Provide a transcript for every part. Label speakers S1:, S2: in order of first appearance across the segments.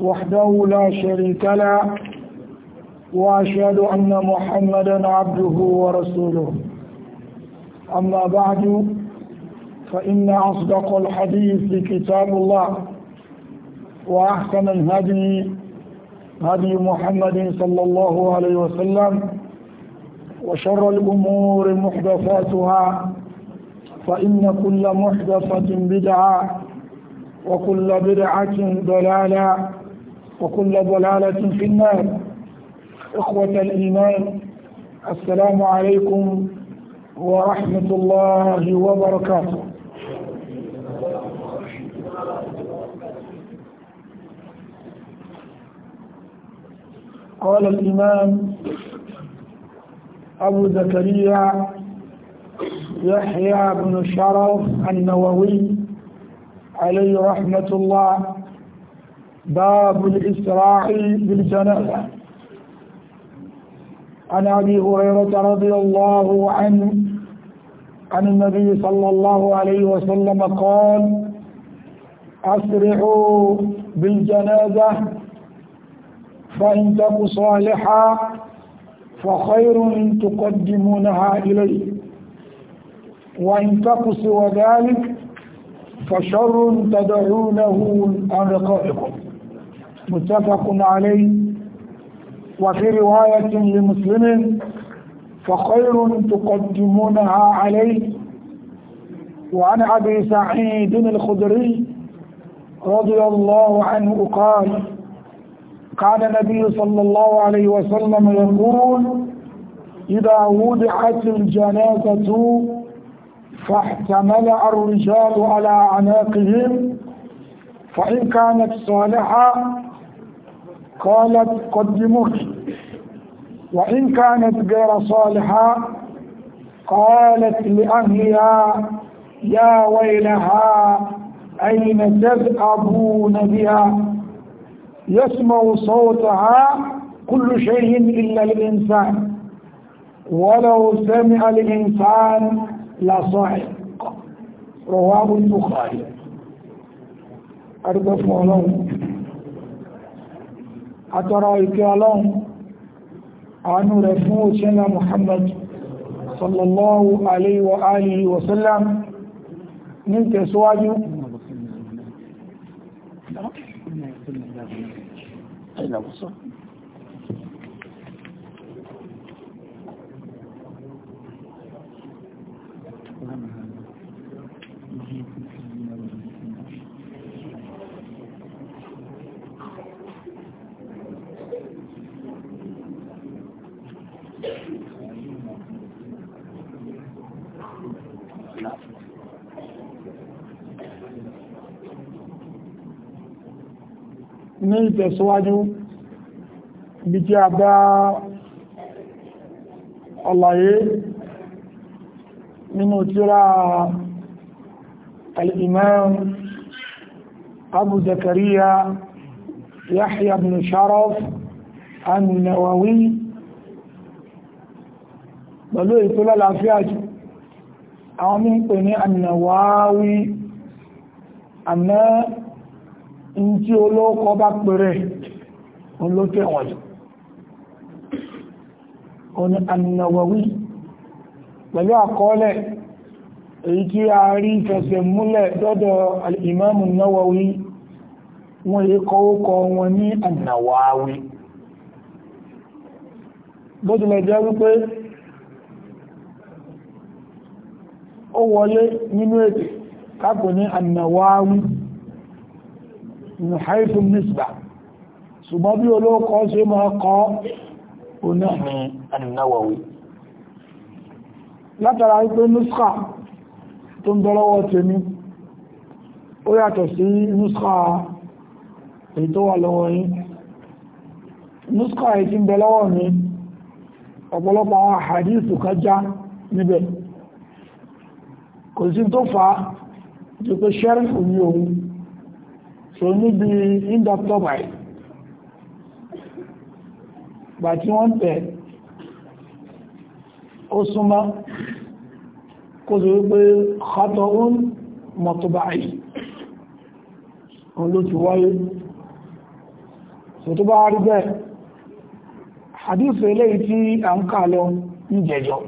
S1: وحده لا شريك له وأشهد أن محمدا عبده ورسوله أما بعد فإن أصدق الحديث كتاب الله وأحسن الهدي هدي محمد صلى الله عليه وسلم وشر الأمور محدثاتها فإن كل محدثة بدعة وكل بدعة ضلالة وكل ضلالة في النار إخوة الإيمان السلام عليكم ورحمة الله وبركاته قال الإمام أبو زكريا يحيى بن شرف النووي عليه رحمة الله باب الإسراع بالجنازة عن أبي هريرة رضي الله عنه عن النبي صلى الله عليه وسلم قال أسرعوا بالجنازة فإن تكوا صالحا فخير إن تقدمونها إليه وإن تك سوى ذلك فشر تدعونه عن رقائكم متفق عليه وفي رواية لمسلم فخير تقدمونها عليه وعن أبي سعيد الخدري رضي الله عنه قال كان النبي صلى الله عليه وسلم يقول إذا وضعت الجنازة فاحتمل الرجال على أعناقهم فإن كانت صالحة قالت قدموك وإن كانت غير صالحة قالت لأهلها يا ويلها أين تذهبون بها يسمع صوتها كل شيء إلا الإنسان ولو سمع الإنسان لصعق رواه البخاري أرضى الله àtọrọ ìkẹ́ ọlọ́run àánú rẹ̀ fún òṣèlú Muhammad sallallahu alayhi wa alihi wa sallam ní tẹ̀síwájú Thank you. ní ìtẹ̀síwájú bí tí a bá ọlàyé nínú tíra al-imam abu zakariya yahya ibn sharaf an-nawawi pẹ̀lú ìpínlẹ̀ láfíà jù àwọn mí ní an-nawawi an ń tí olóòkọ bá pẹ̀rẹ̀ olóòkẹ́ wọ̀n jù ó ní annawawi pẹ̀lú àkọọ́lẹ̀ èyí tí a rí fẹsẹ̀ múlẹ̀ dọ́dọ̀ al'imamu nawawi wọ́n yí kọ́wọ́kọ́ wọn ní annawawi bó jẹ́ wípé ó wọlé nínú ètò kápò ní annawawi nùháìfù nísbà ṣùgbọ́n bí olóòkọ́ ṣe máa kọ́ oná ní ànìyànwòwí látara wípé nùsà tó ń dọ́lọ́wọ́ tèmi ó yàtọ̀ sí nùsà èyí tó wà lọ́wọ́ yín nùsà èyí tí bẹ lọ́wọ́ mi ọ̀pọ̀lọpọ̀ àwọn àhàdíìsù kájá níbẹ̀ so níbi indoctor by gbà tí wọ́n tẹ̀ ó súnmọ́ kó sì wípé ọ̀tọ̀ òun mọ̀tọ̀bà yìí òun ló ti wáyé so tó bá rí bẹ́ẹ̀ hadith eléyìí tí a ń kà lọ ní jẹjọ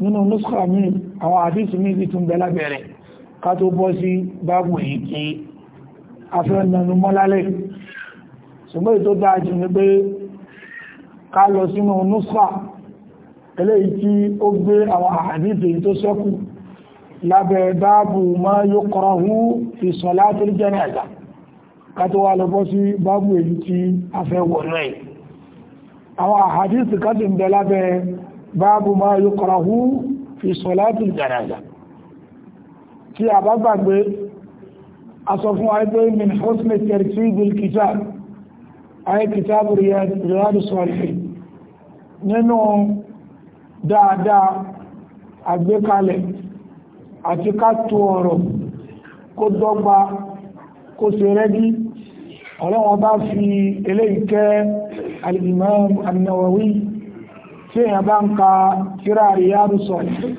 S1: nínú nuskha mi àwọn hadith mi ti ká tó bọ́ sí báàbù yìí kí afẹ́nàánú mọ́lálẹ̀ ṣùgbọ́n tó dáa jù ní pé ká lọ sínú nùsà eléyìí tí ó gbé àwọn àdìtì tó sẹ́kù lábẹ́ báàbù ma yukrahu fi salatil janaza ká tó wá lọ bọ́ sí báàbù a fẹ́ wọ̀nà ẹ̀ àwọn àdìtì ká sì ń bẹ lábẹ́ báàbù ma yukrahu fi salatil janaza tí a bá gbàgbé aṣọ fún àìpé min hosni tertibil kitab ayé kitab riyadu salihin nínú dáadáa àgbékalẹ̀ àti kátó ọ̀rọ̀ kó dọ́gba kó ṣe rẹ́gí ọlọ́wọ́n bá fi eléyìí kẹ́ al-imam an-nawawi tí èèyàn bá ń ka tírà riyadu salihin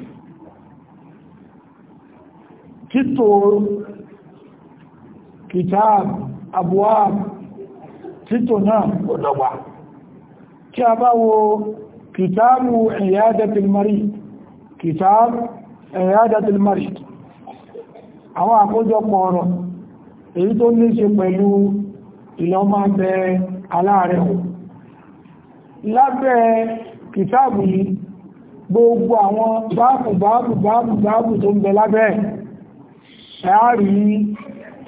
S1: títò kìtàb abuwab títò náà ó kí a bá wo kìtàbù ìyádàtìl mari kìtàb àwọn àkójọpọ̀ ọ̀rọ̀ èyí tó ní ṣe pẹ̀lú ìlọ́mà bẹ aláàrẹ̀ lábẹ́ gbogbo àwọn báàbù báàbù báàbù báàbù tó ń شعري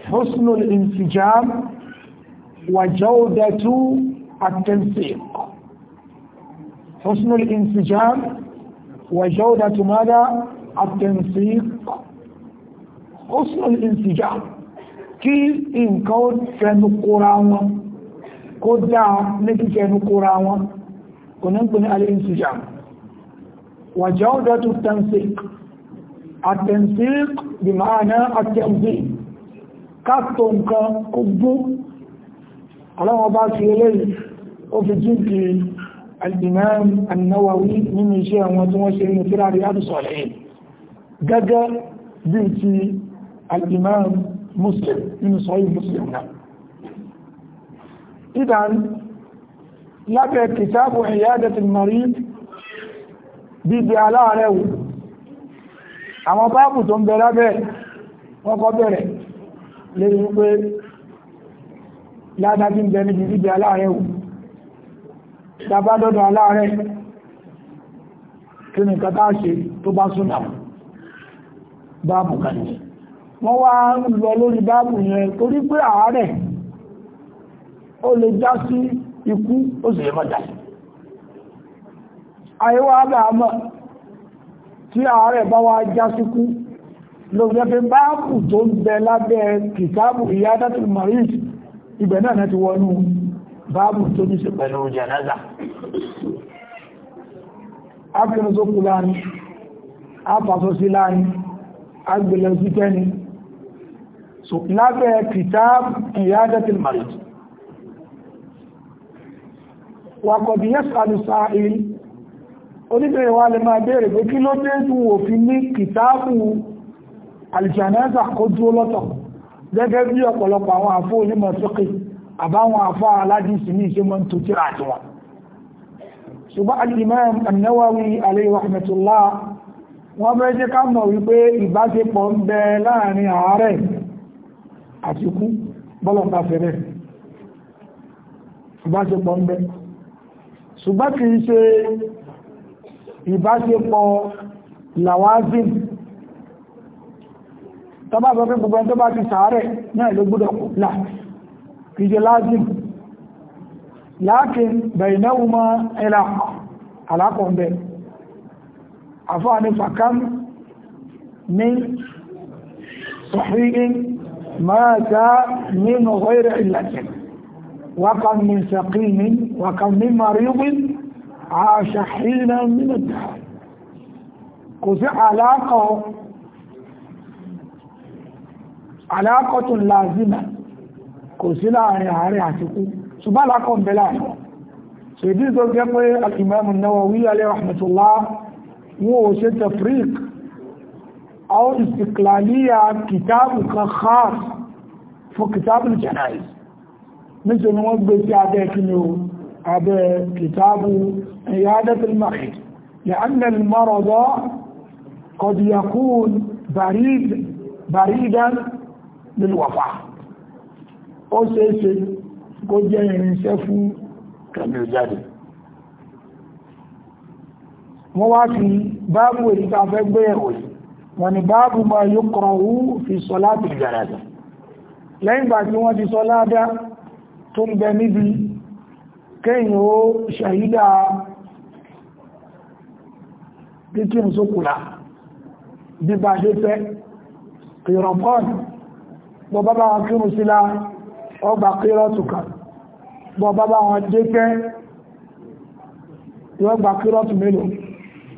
S1: حسن الانسجام وجودة التنسيق حسن الانسجام وجودة ماذا التنسيق حسن الانسجام كي إن كانوا كون كنقراوة كدا نكي كنقراوة كنقبني الانسجام وجودة التنسيق التنسيق بمعنى التنظيم كاتون كا كبو على بعض يلي وفي جنك الإمام النووي من الشيخ المتوسعين في رياض الصالحين جاجا بنتي الإمام مسلم من صحيح مسلم إذا لك كتاب عيادة المريض بيدي على عليه àwọn báàbù tó ń bẹ lábẹ́ wọ́n kọ́ bẹ̀rẹ̀ lérí wípé ládájú ń bẹ níbi jíjẹ aláàrẹ wù tàbá lọ́dọ̀ aláàrẹ kí ni kàtà ṣe tó bá súnà báàbù kàní wọ́n wá ń lọ lórí báàbù yẹn torí pé àárẹ̀ ó lè já sí ikú ó sì lè tí ààrẹ bá wá já síkú lọ́gbẹ́fẹ́ báàbù tó ń bẹ lábẹ́ kìtàbù ìyádátù maris ibẹ̀ náà náà ti wọnú báàbù tó ní sí pẹ̀lú jẹ̀nẹ́zà afẹ́rẹsókù láàrin afàsọsí láàrin agbẹ̀lẹ̀sí tẹ́ni so lábẹ́ kìtàbù ìyádátù maris wàkọ̀dìyẹ́sà oníbẹ̀rẹ̀ wa lè máa bèèrè pé kí ló dé tún òfin ní kìtàbù aljanaza kó dúró lọ́tọ̀ gẹ́gẹ́ bí ọ̀pọ̀lọpọ̀ àwọn àfó onímọ̀ sókè àbáwọn àfá aládìsí ní ìṣe mọ́ tó tíra àtiwà ṣùgbọ́n al-Imam an-Nawawi alayhi rahmatullah wọ́n bẹ́ jẹ́ ká ṣe ìbáṣepọ̀ làwázìm tọba sọ pé gbogbo ẹni tó bá ti sàárẹ̀ náà ló gbọ́dọ̀ kùpùlà kìí ṣe lázìm láàkín bẹ̀rẹ̀nẹ́wò mọ́ ẹlà alákọ̀ọ́bẹ̀ àfáà ní fàkán ní صحيح ما جاء من غير علة وكم من سقيم وكم من مريض عاش حينا من الدهر كوزي علاقة علاقة لازمة كوزي لا يعني عتقو سبا لكم بلاي سيدي ذو يقول الإمام النووي عليه رحمة الله هو وسيد تفريق أو استقلالية كتاب خاص في كتاب الجنائز مثل ما قلت يا ديكني abẹ́ kìtàbù ìyádẹ́tìl marid لأن المرض قد يكون بريد بريدا للوفاة ó ṣeéṣe kó jẹ́ irinṣẹ́ fún kẹ̀lẹ̀ jáde wọ́n wá fi báàbù èyí tàà fẹ́ gbé ẹ̀wò yìí wọ́n ní báàbù ma yóò kọ̀rọ̀wú fi sọ láti ìjàràdà lẹ́yìn bá tí wọ́n ti sọ ládá tó ń bẹ níbi kẹ́yìn ó ṣàyídá bí bá ṣe fẹ́ kìrọ̀pọ̀n bọ́bá bá wọn kírun sílá ọgbà kírọ̀tùkà bọ́bá bá wọn jẹ́ pẹ́ ìwọ́gbà kírọ̀tù mélòó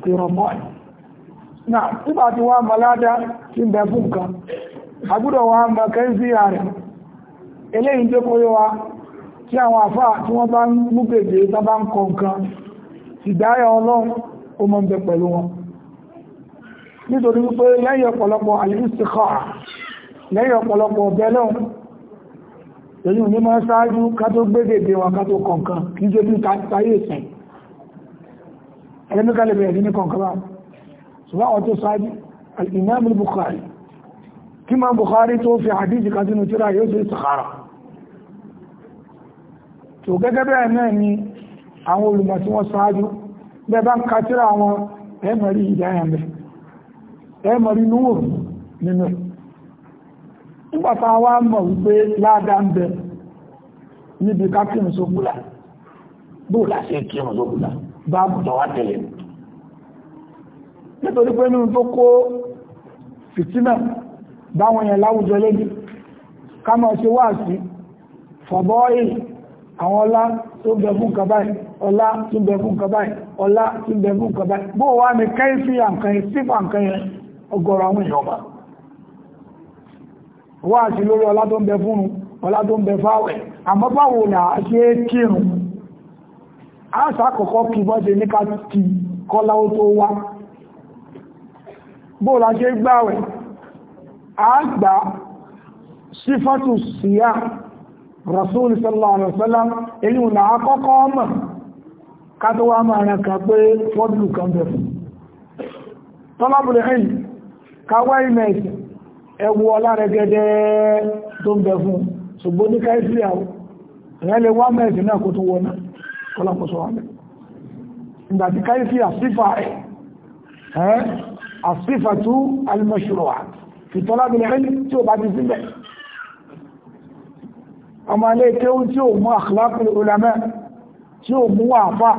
S1: kìrọ̀pọ̀n náà nígbà tí wọ́n mọ́ládá tí ń bẹ fún nǹkan tí àwọn àfá tí wọ́n bá ń mú gègé tó bá ń kọ nǹkan ìdáyà ọlọ́run ó mọ́ ń bẹ pẹ̀lú wọn nítorí wípé lẹ́yìn ọ̀pọ̀lọpọ̀ àlìsíkọ̀ lẹ́yìn ọ̀pọ̀lọpọ̀ ọ̀bẹ́lọ́n èyí ní máa ṣáájú ká tó gbégèdè wọn ká tó kọ̀ǹkan kí jẹ́ bí táyé ìsìn ẹlẹ́míkàlẹ̀ bẹ̀rẹ̀ ní kọ̀ǹkan bá ṣùgbọ́n àwọn tó ṣáájú al-Imam al-Bukhari kí máa tó fi hadith kan sínú tírà yóò ṣe sàkárà tó gẹ́gẹ́ bẹ́ẹ̀ náà ni àwọn olùmọ̀ tí wọ́n ṣáájú bẹ́ẹ̀ bá ń ka tíra àwọn ẹ̀mọ̀rí ìdáyàmẹ́ ẹ̀mọ̀rí núwò nínú nígbàtà wa mọ̀ wípé ládàá ń bẹ níbi ká kírun sókúlà bóò láṣẹ kírun sókúlà bá bùtọ̀ wá tẹ̀lé nítorí pé nínú tó kó fìtínà báwọn yẹn àwọn ọlá tó ń bẹ fún nǹkan báyìí ọlá tó ń bẹ fún nǹkan báyìí ọlá tó ń bẹ fún nǹkan báyìí bó wá ní kẹ́yìsí àǹkan yẹn sífà nǹkan yẹn ọgọ́rọ̀ àwọn ìjọba wá àti lórí ọlá tó ń bẹ fún ọlá tó ń bẹ fáwẹ̀ àmọ́ ní ká ti rasul sallallahu alaihi wasallam na ò náà kọ́kọ́ mọ̀ ká tó wá máa rẹ̀ kà pé fọ́dùlù kan bẹ̀ ka tọ́lábùrù ẹ̀yìn káwá ìmẹ̀ ẹ̀sìn ẹwù ọlá rẹ̀ gẹ́gẹ́ tó ń bẹ̀ fún ṣùgbọ́n ní káìsí àwọn ọmọ ilé kéwú tí ó mú akhlaqul ulama tí ó mú wà fà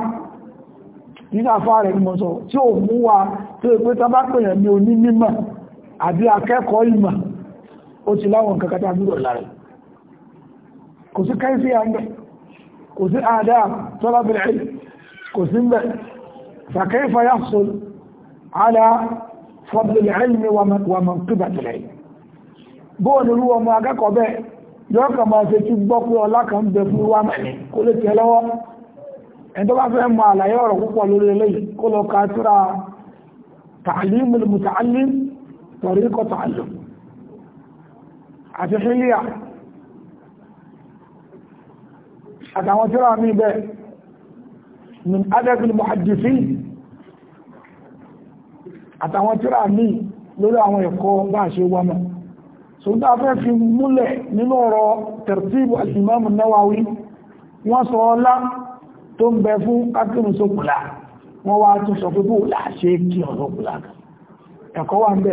S1: nínú àfà rẹ̀ ni mo sọ tí ó mú wà tó ìpé tàbá pèèyàn ní oní mímọ̀ àbí akẹ́kọ̀ọ́ ìmọ̀ ó ti láwọn kankata dúró lára kò sí káìsí àmì kò yọ́ kàn máa ṣe tí gbọ́ pé ọlá kan bẹ fún wá kó lè tẹ́ lọ́wọ́ ẹni tó bá fẹ́ mọ àlàyé ọ̀rọ̀ púpọ̀ lórí eléyìí kó lọ ka síra ta'limul muta'allim tariqat àti hílíà àtàwọn síra mi bẹ́ẹ̀ min adabil muhaddithin àtàwọn síra mi lórí àwọn ẹ̀kọ́ sọ́dá fẹ́ fi múlẹ̀ nínú ọ̀rọ̀ tẹ̀rtíbù alìmọ́mù náwàwí wọ́n sọ ọlá tó ń bẹ fún akínú sókùlá wọ́n wá tún sọ pípò láṣẹ kí ọ̀sọ́kùlá ẹ̀kọ́ wà ń bẹ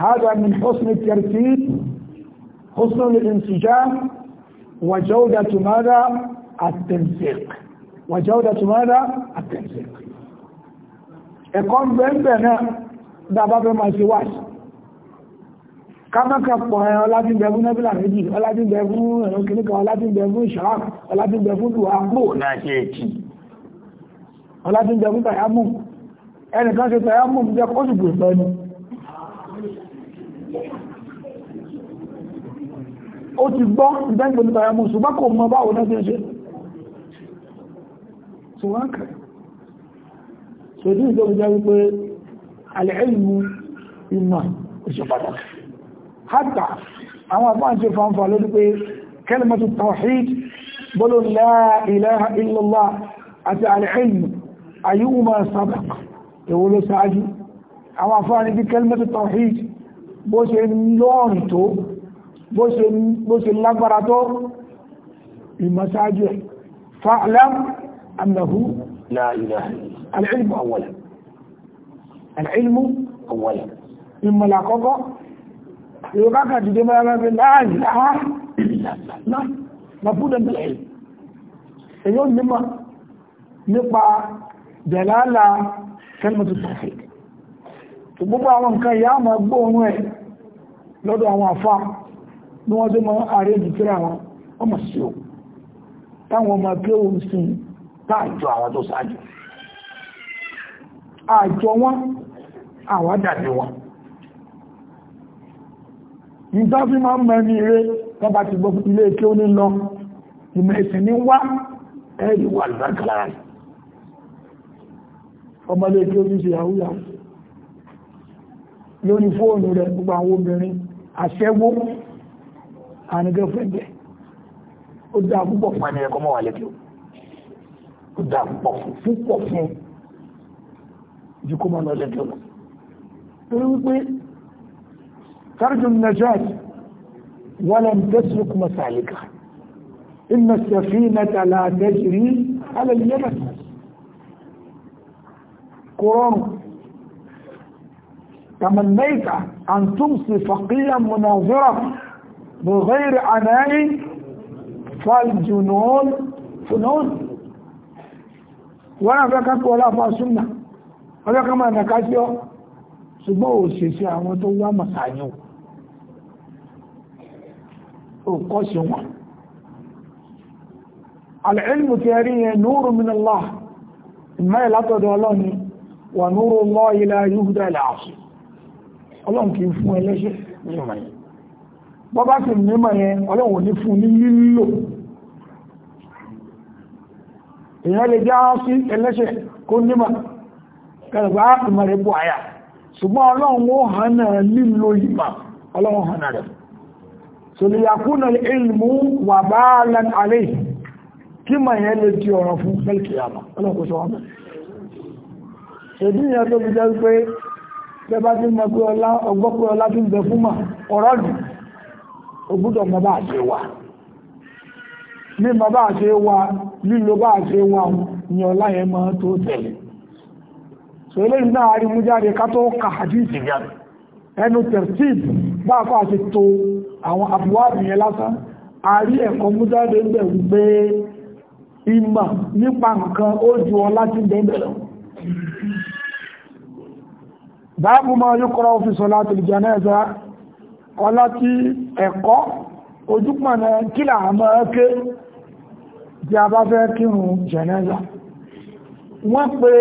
S1: hada min husni kámọ́kà pọ̀ ẹ̀ ọlájúbẹ̀ fún nẹ́bílà méjì ọlájúbẹ̀ fún ẹ̀rọ kìníkà ọlájúbẹ̀ fún ìṣàrák ọlájúbẹ̀ fún ìwàgbò náà ṣe èkì ọlájúbẹ̀ fún tàyámù ẹnìkan ṣe tàyámù jẹ́ kọ́sùgbò sọ́ni ó ti gbọ́ ìdẹ́gbẹ̀ ní tàyámù ṣùgbọ́n kò mọ báwo náà ṣe ṣe ìmọ̀ ìṣẹ́ pàtàkì hátà àwọn àpáǹṣe fanfà lórí pé kẹlmatu tawhid bọ́lọ̀ la ilaha illallah àti al'ilm ayyuma sabaq èwo ló sáájú àwọn àfáàní bí kẹlmatu tawhid bó ṣe lọ́rin tó bó ṣe lágbára tó ìmọ̀sáájú ẹ̀ fa'lam annahu la ilaha al'ilmu yóò káàkà dìde mọ́ra mẹ́fẹ́ láàrín lọ́dọ̀ àwọn àfá ní wọ́n tó mọ́ ààrẹ ìdìkíra wọn ọmọ sí o táwọn ọmọ pé o ń sin táàjọ àwọn tó sáájú àjọ wọn àwádàbí wọn nígbà fi máa ń mọ ẹni eré tọ́ba ti gbọ́ ilé kí ó ní lọ ìmọ̀ ẹ̀sìn ní wá ẹ̀rì wà lágbára ọmọdé kí ó ní ṣe yahoo yahoo lórí fóònù rẹ̀ gbogbo púpọ̀ fún ẹni kó mọ́ lọ lẹ́kẹ́ lọ torí wípé ترجو النجاة ولم تسلك مسالكها إن السفينة لا تجري على اليمن كورونا تمنيت أن تمسي فقيا مناظرة بغير عناء فالجنون فنون wọ́n fẹ́ ولا ọláfà súnmà ọlọ́kàmà nàkájọ́ ṣùgbọ́n òṣèṣẹ́ àwọn tó wá òkọ́ṣe wọn al'ilmu ti rí yẹn núrù min Allah ìmáyẹ̀ látọ̀dọ̀ ọlọ́ni wà núrù Allah ilá yúhúdá ìlàáṣì ọlọ́run kìí fún ẹlẹ́ṣẹ̀ mímọ̀ yẹn bọ́ bá sì mímọ̀ yẹn ọlọ́run ní fún ní lílò èèyàn lè já sí ẹlẹ́ṣẹ̀ kó nímọ̀ kẹrẹ̀gbá ah, ìmọ̀ rẹ̀ sọlẹ̀yàkúnà ilmù wà bá lan alẹ́ kí ma yẹn lè di ọ̀rọ̀ fún mẹ́lìkìyàmà ọlọ́kọ̀ọ́sọ wọn ṣèdí ìyẹn tó fi jẹ́ pé tẹ́bá tí mọ̀ pé ọlá ọgbọ́pẹ́ ọlá tí ń bẹ fún ní mọ bá ṣe lílo bá ṣe wà ní ọlá yẹn tó tẹ̀lé sọ eléyìí náà arímú jáde ká tó ka hadith ẹnu tẹ̀síìbù báàkọ́ àti tó àwọn àbúwádìí yẹn lásán a rí ẹ̀kọ́ mú jáde ń bẹ̀ wípé ìmọ̀ nípa nǹkan ó ju ọ láti bẹ̀rẹ̀ lọ báàbù máa yíkọ́rọ̀ fi sọ̀láàtì jánásà ọlá tí ẹ̀kọ́ ojúpọ̀nà kílà àmọ́ ẹ́kẹ́ tí a bá fẹ́ kírun jánásà wọ́n pè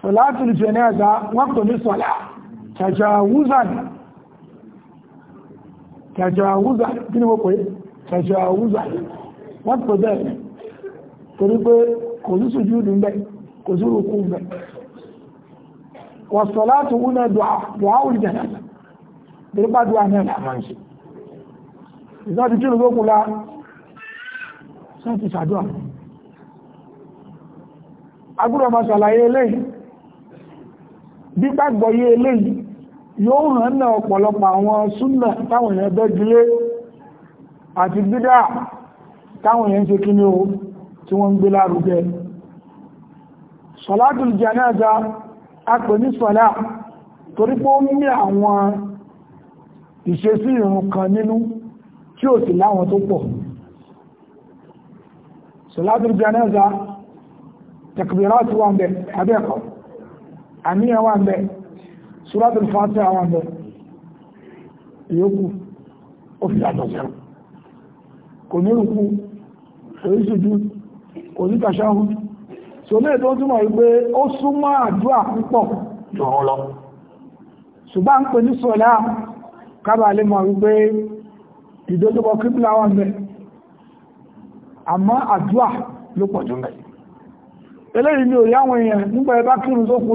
S1: sọ̀láàtì jánásà wọ́n pè ní sọ̀lá tajawuzan tàjàwúzà kí ni mo pè tàjàwúzà wọ́n pè bẹ́ẹ̀ torí pé kò sí sùjúdù ń bẹ kò sí rùkú ń bẹ wọ̀sọ̀látù wúnà dùáwùl jẹ̀nàdà torí bá dùá náà là máa ń ṣe ìsáàtì kí ni sáàtì sàdúà agbúrò yóò hàn náà ọ̀pọ̀lọpọ̀ àwọn súnnà táwọn èèyàn bẹ́gilé àti bídá táwọn èèyàn ṣe kíní o tí wọ́n ń gbé lárugẹ sọ̀látùl jánásà apè ní sọ̀lá torí pé ó ní àwọn ìṣesí ìrun kan nínú tí ó sì láwọn tó pọ̀ sọ̀látùl jánásà takbiratu wà ń bẹ abẹ́ẹ̀kọ́ àníyàn wà ń surat al-fatiha àwọn àbẹ̀ ìyókù ó fi àtọ̀ sẹ́rù kò ní rùkú kò ní ṣojú kò ní tàṣáhù o ní ètò túnmọ̀ wípé ó súnmọ́ àdúrà púpọ̀ jọ̀rọ̀ lọ ṣùgbọ́n ń pè ní sọ̀lá kábàlé mọ̀ wípé ìdójúkọ kíbla wọn bẹ̀ àmọ́ àdúrà ló pọ̀ jù mẹ́ eléyìí ni òrí àwọn èèyàn nígbà ẹbá kírun tó kú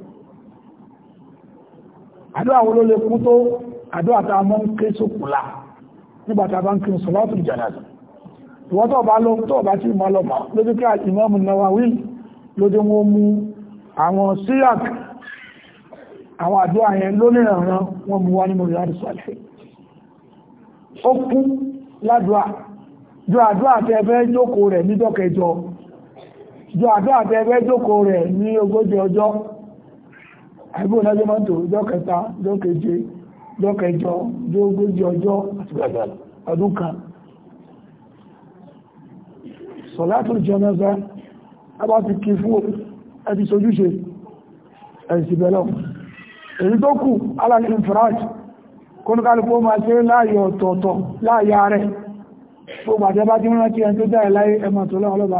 S1: àdó àwọn olóòlè kú tó àdó àtàmọ́ ń ké sókùlá nígbàtà bá ń kí sọ́lọ́tù jánásà ìwọ́n tó bá lọ tó bá tí mọ́ lọ mọ́ lójú kí Imam Nawawi lójú wọn mú àwọn síyàk àwọn àdó àyẹn lónìrànràn wọn mú wá ní àìbò lájọ́ máa ń tò ọjọ́ kẹta ọjọ́ keje ọjọ́ kẹjọ ọjọ́ ogójì ọjọ́ àti gbàgbà ọdún kan sọ̀látò jẹmẹ́sà abá ti kí fún ẹti sojúṣe ẹ̀sì bẹ̀lọ́ èyí tó kù aláàrin infraj kónúkálùkù máa ṣe láàyè ọ̀tọ̀ọ̀tọ̀ láàyè ààrẹ gbogbo àjẹbá tí wọ́n rántí ẹni tó dáẹ̀ láyé ẹmọ̀ tó lọ́wọ́ lọ́gbà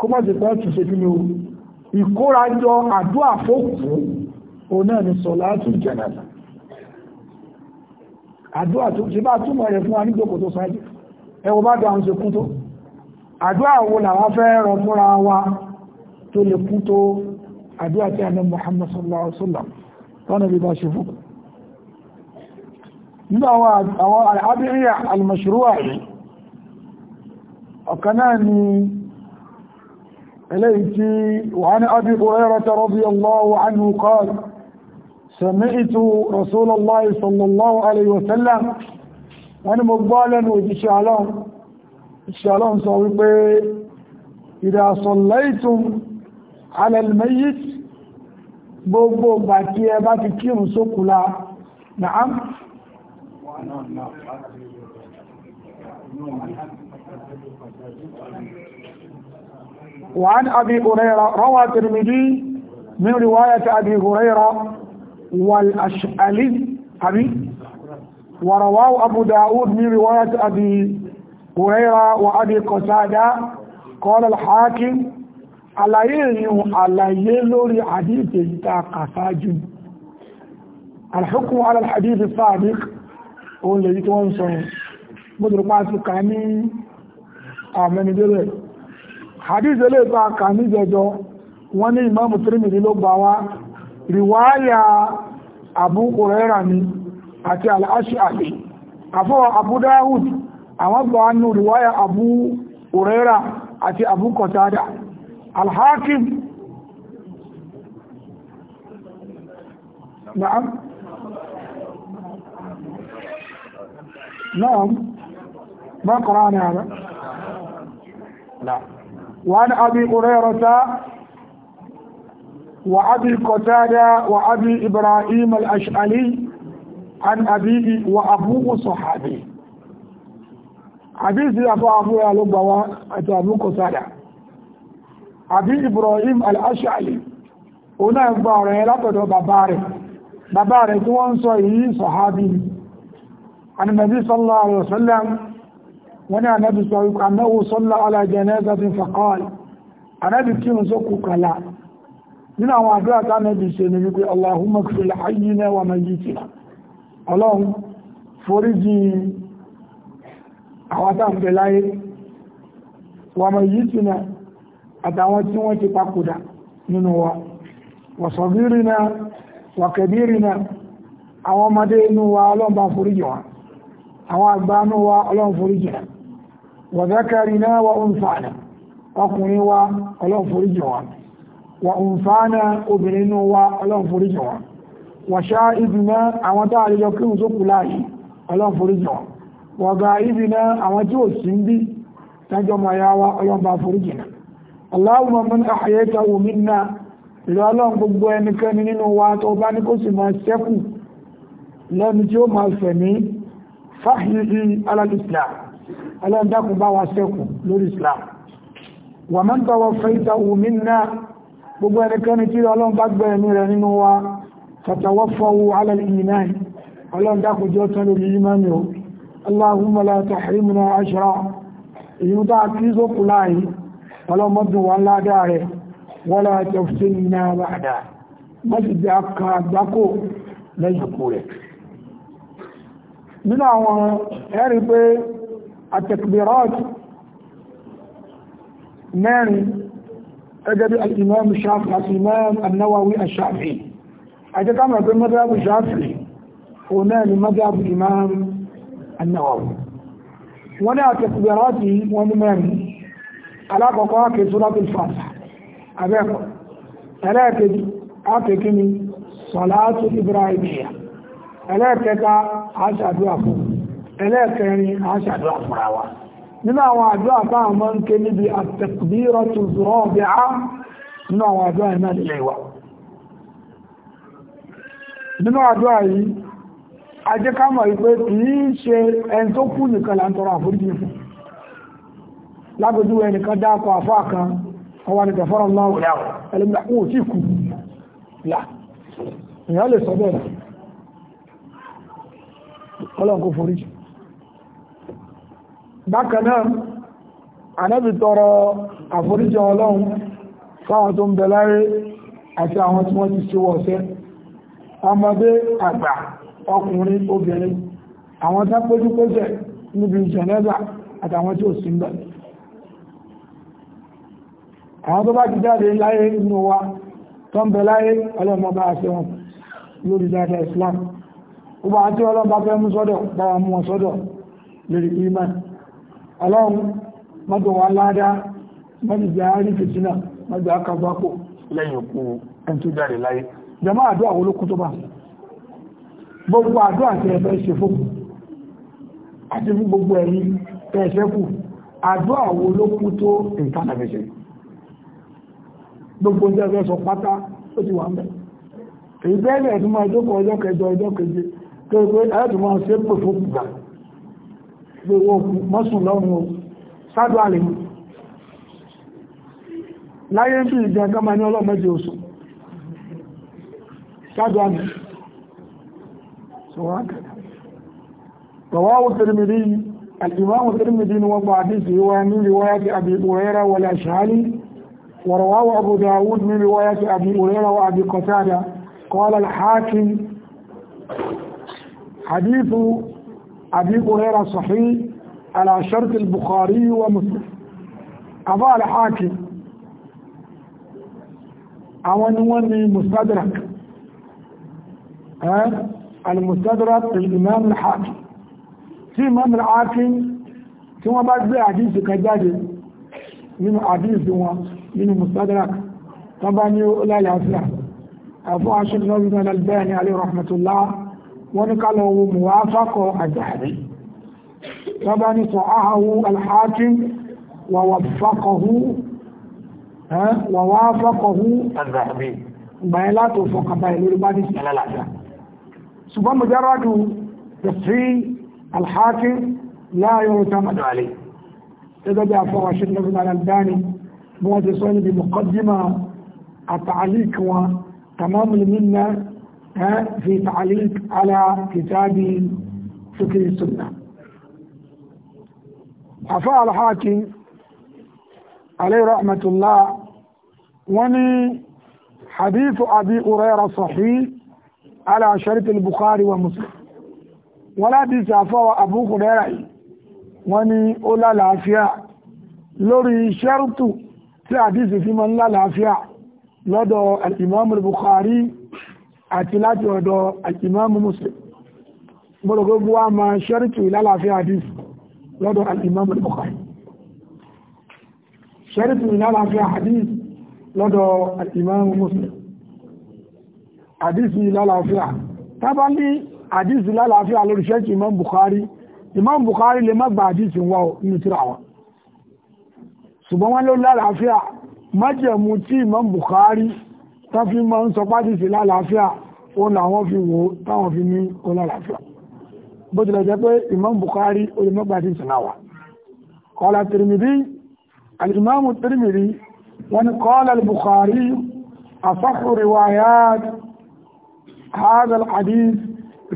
S1: kó mọ́ sí pọ́ọ̀tù ṣe kí ni o ìkórajọ àdúrà fókùn òun náà ni sọ̀látù jánásà àdúrà tó ṣe bá túmọ̀ rẹ̀ fún wa ní gbogbo tó sáájú ẹwọ bá dáhùn ṣe kún tó àdúrà wo làwọn fẹ́ rọ múra wa tó lè kún tó àdúrà tí a ní Muhammad sallallahu alaihi wasallam tọ́nà bí bá ṣe fún nínú àwọn àbíríyà almashru'a ọ̀kan náà ni إليك وعن أبي هريرة رضي الله عنه قال سمعت رسول الله صلى الله عليه وسلم أنا مبالا وإشعالهم إشعالهم صويبي إذا صليتم على الميت بوبو باتي باتي كيرو سوكولا نعم وعن أبي هريرة روى الترمذي من رواية أبي هريرة والأشعلي أبي ورواه أبو داود من رواية أبي هريرة وأبي قتادة قال الحاكم àlàyé ìrìn àlàyé lórí àdíìtì ìta kàfájú alhukum ala alhadith sabiq o lè rí tí wọ́n sọ mọ́dúnrúpá ti ká ní àmẹ́nibẹ̀rẹ̀ hadith ilé ìta kà ní jẹjọ wọ́n ní imam Tirmidhi ló gbà wá riwaya Abu Hurairah ni àti al-Ash'ari àfọ́ Abu Dawud àwọn gbà nù riwaya Abu Hurairah àti Abu Qatada al-Hakim na'am na'am ما قرأنا هذا لا وعن أبي هريرة وأبي قتادة وأبي إبراهيم الأشعري عن أبيه وأبوه صحابي حديث أبو أبو ألوبة أبو قتادة أبي إبراهيم الأشعري هنا يقبار يلقى ببارك ببارك وانصره صحابي عن النبي صلى الله عليه وسلم wọ́n ní ànábì sọ wípé anáwó sọ́lá alájẹ́nẹ́gbà ti fàkọ́ọ̀lì ànábì kí n sókù kàlá nínú àwọn àdúrà tánàbì ṣe ni wípé Allahumma kfil hayyina wa mayyitina ọlọ́run foríjì àwọn táǹbẹ̀ láyé wa mayyitina àtàwọn tí wọ́n ti papòdà nínú wa wa sagirina àwọn ọmọdé inú wa ọlọ́run bá àwọn àgbà inú wa ọlọ́run wàzákàrínà wa unfààna ọkùnrin wa ọlọ́run foríjì wa wa unfààna obìnrin wa ọlọ́run foríjì wa wà ṣá ìbìnà àwọn tá àríjọ kírùn tó kù láàyè ọlọ́run foríjì wa wà bá ìbìnà àwọn tí ò sí ń bí tájọ mọ̀yá wa ọlọ́run bá alal Islam ọlọ́ndàkùn bá wa sẹ́kù lórí islam wà mọ́ tọwọ́ fẹ́ta òmìnà gbogbo ẹnikẹ́ni tí ọlọ́n bá gbẹ̀ ẹ̀mí rẹ̀ nínú wa fàtàwọ́ fọwọ́ alẹ́lẹ́mìnàn ọlọ́ndàkùn jọ tán lórí imani o allahumma la tahrimna ashra èyí tó àkíso kùláyì ọlọ́mọdún wa ládá rẹ̀ wọ́lá tafsinna التكبيرات ماني نعم، أدب الإمام الشافعي الإمام النووي الشافعي هذا كما في المذهب الشافعي هنا لمذهب الإمام النووي ولا تكبيراتي ونماني على بطاقة سورة الفاتحة أبقى ثلاثة أعطيكني صلاة إبراهيمية ثلاثة عشر أبقى ẹlẹ́ẹ̀kẹrin aṣàdúrà fúnra wa nínú àwọn àdúrà táwọn mọ́ ń ké níbi àtẹ̀kùbírọ̀ tó zùrọ̀ ọ̀bẹ̀ á nínú àwọn àdúrà iná nílẹ̀ wa nínú àdúrà yìí ajé ká mọ̀ wípé kìí ṣe ẹni tó kú nìkan là ń fún lágbèjúwe ẹnìkan dákọ àfọ́ àkan ọwọ́ ni tẹ̀fọ́rọ̀ ọlọ́run kò foríjì bákan náà ànábì tọrọ àforíjì ọlọ́run fáwọn tó ń bẹ láyé àti àwọn tí wọ́n ti ṣe wọ̀ṣẹ́ ọmọdé àgbà ọkùnrin obìnrin àwọn tá pójú pósẹ̀ níbi ìjẹ̀nẹ́bà àtàwọn tí ò sí mbẹ̀ àwọn tó bá ti jáde láyé nínú wa tó ń bẹ láyé ọlọ́mọ bá wọn lórí dáadáa Islam gbogbo àwọn tí ọlọ́mọ bá fẹ́ mú sọ́dọ̀ bá wọn mú wọn sọ́dọ̀ lórí iman ọlọ́run mado wa ládá mọ́jọ àárín fìtínà mọ́jọ akagbápò lẹ́yìn òkú ẹn tó jáde láyé jama àdúrà wo ló kú tó bá gbogbo àdúrà tẹ ẹfẹ ṣe fún àti fún gbogbo ẹ̀yin tẹ ẹfẹ kù àdúrà wo ló kú tó nǹkan àfẹsẹ gbogbo ń tẹ́fẹ́ sọ pátá ó ti wà ń bẹ̀ èyí bẹ́ẹ̀ ni ẹ̀tún máa jókòó ọjọ́ kẹjọ ọjọ́ keje tó yẹ máa ṣe pè fún gbà gbogbo mọ́sùn lọ́rùn o sádù àlèmù láyé ń bí ìjẹ gọ́mà ní ọlọ́mọdé oṣù sádù àmì rọwáwò tẹ́rìmìdì al'imamu tẹ́rìmìdì ni wọ́n bá àdísì wá ní riwáyàtì àbí ìwòrẹ́ra wà láṣàálì wọ̀rọ̀wáwò أبي هريرة صحيح على شرط البخاري ومسلم أبا الحاكم او وني مستدرك ها المستدرك الإمام الحاكم في إمام الحاكم ثم بعد ذلك حديث كذاب من حديث من مستدرك طبعا لا لا أفلح أبو عشر نبينا الباني عليه رحمة الله wọ́n ní kálọ̀ ohun muwafaqo àjàrí lọ́bá ní sọ áhàwó alhakim wàwáfàkọ̀hú àjàrí gbàyẹ látò fọkàbà ìlú bá ní sàlálàjá ṣùgbọ́n mú járádù da sí alhakim láyọ̀ ta madàlẹ̀ في تعليق على كتاب فقه السنة عفاء الحاكم عليه رحمة الله وني حديث أبي هريرة صحيح على شرط البخاري ومسلم ولا بيس عفاء أبو هريرة وني أولى العافية لوري شرط في حديث في من لا العافية لدى الإمام البخاري àti láti ọ̀dọ̀ alìmáàmù Muslim gbọ́dọ̀ gbogbo wa ma ṣẹ́rìtù ìlàláfíà hadith lọ́dọ̀ alìmáàmù Bukhari ṣẹ́rìtù ìlàláfíà hadith lọ́dọ̀ alìmáàmù Muslim hadith ìlàláfíà tábá hadith ìlàláfíà lórí ṣẹ́rìtù imam Bukhari imam Bukhari lè má gba hadith wá nínú tírà wa ṣùgbọ́n wọ́n ló imam Bukhari tó fi mọ́ ń sọ pádìsì lálàáfíà ó làwọn fi wò táwọn fi ní ó lálàáfíà bó tilẹ̀ jẹ́ pé Imam Bukhari ó lè mọ́gbà sí sinawa kọ́lá Tirmidhi al-Imam wọ́n ni kọ́lá Bukhari asahhu riwayat hadha hadith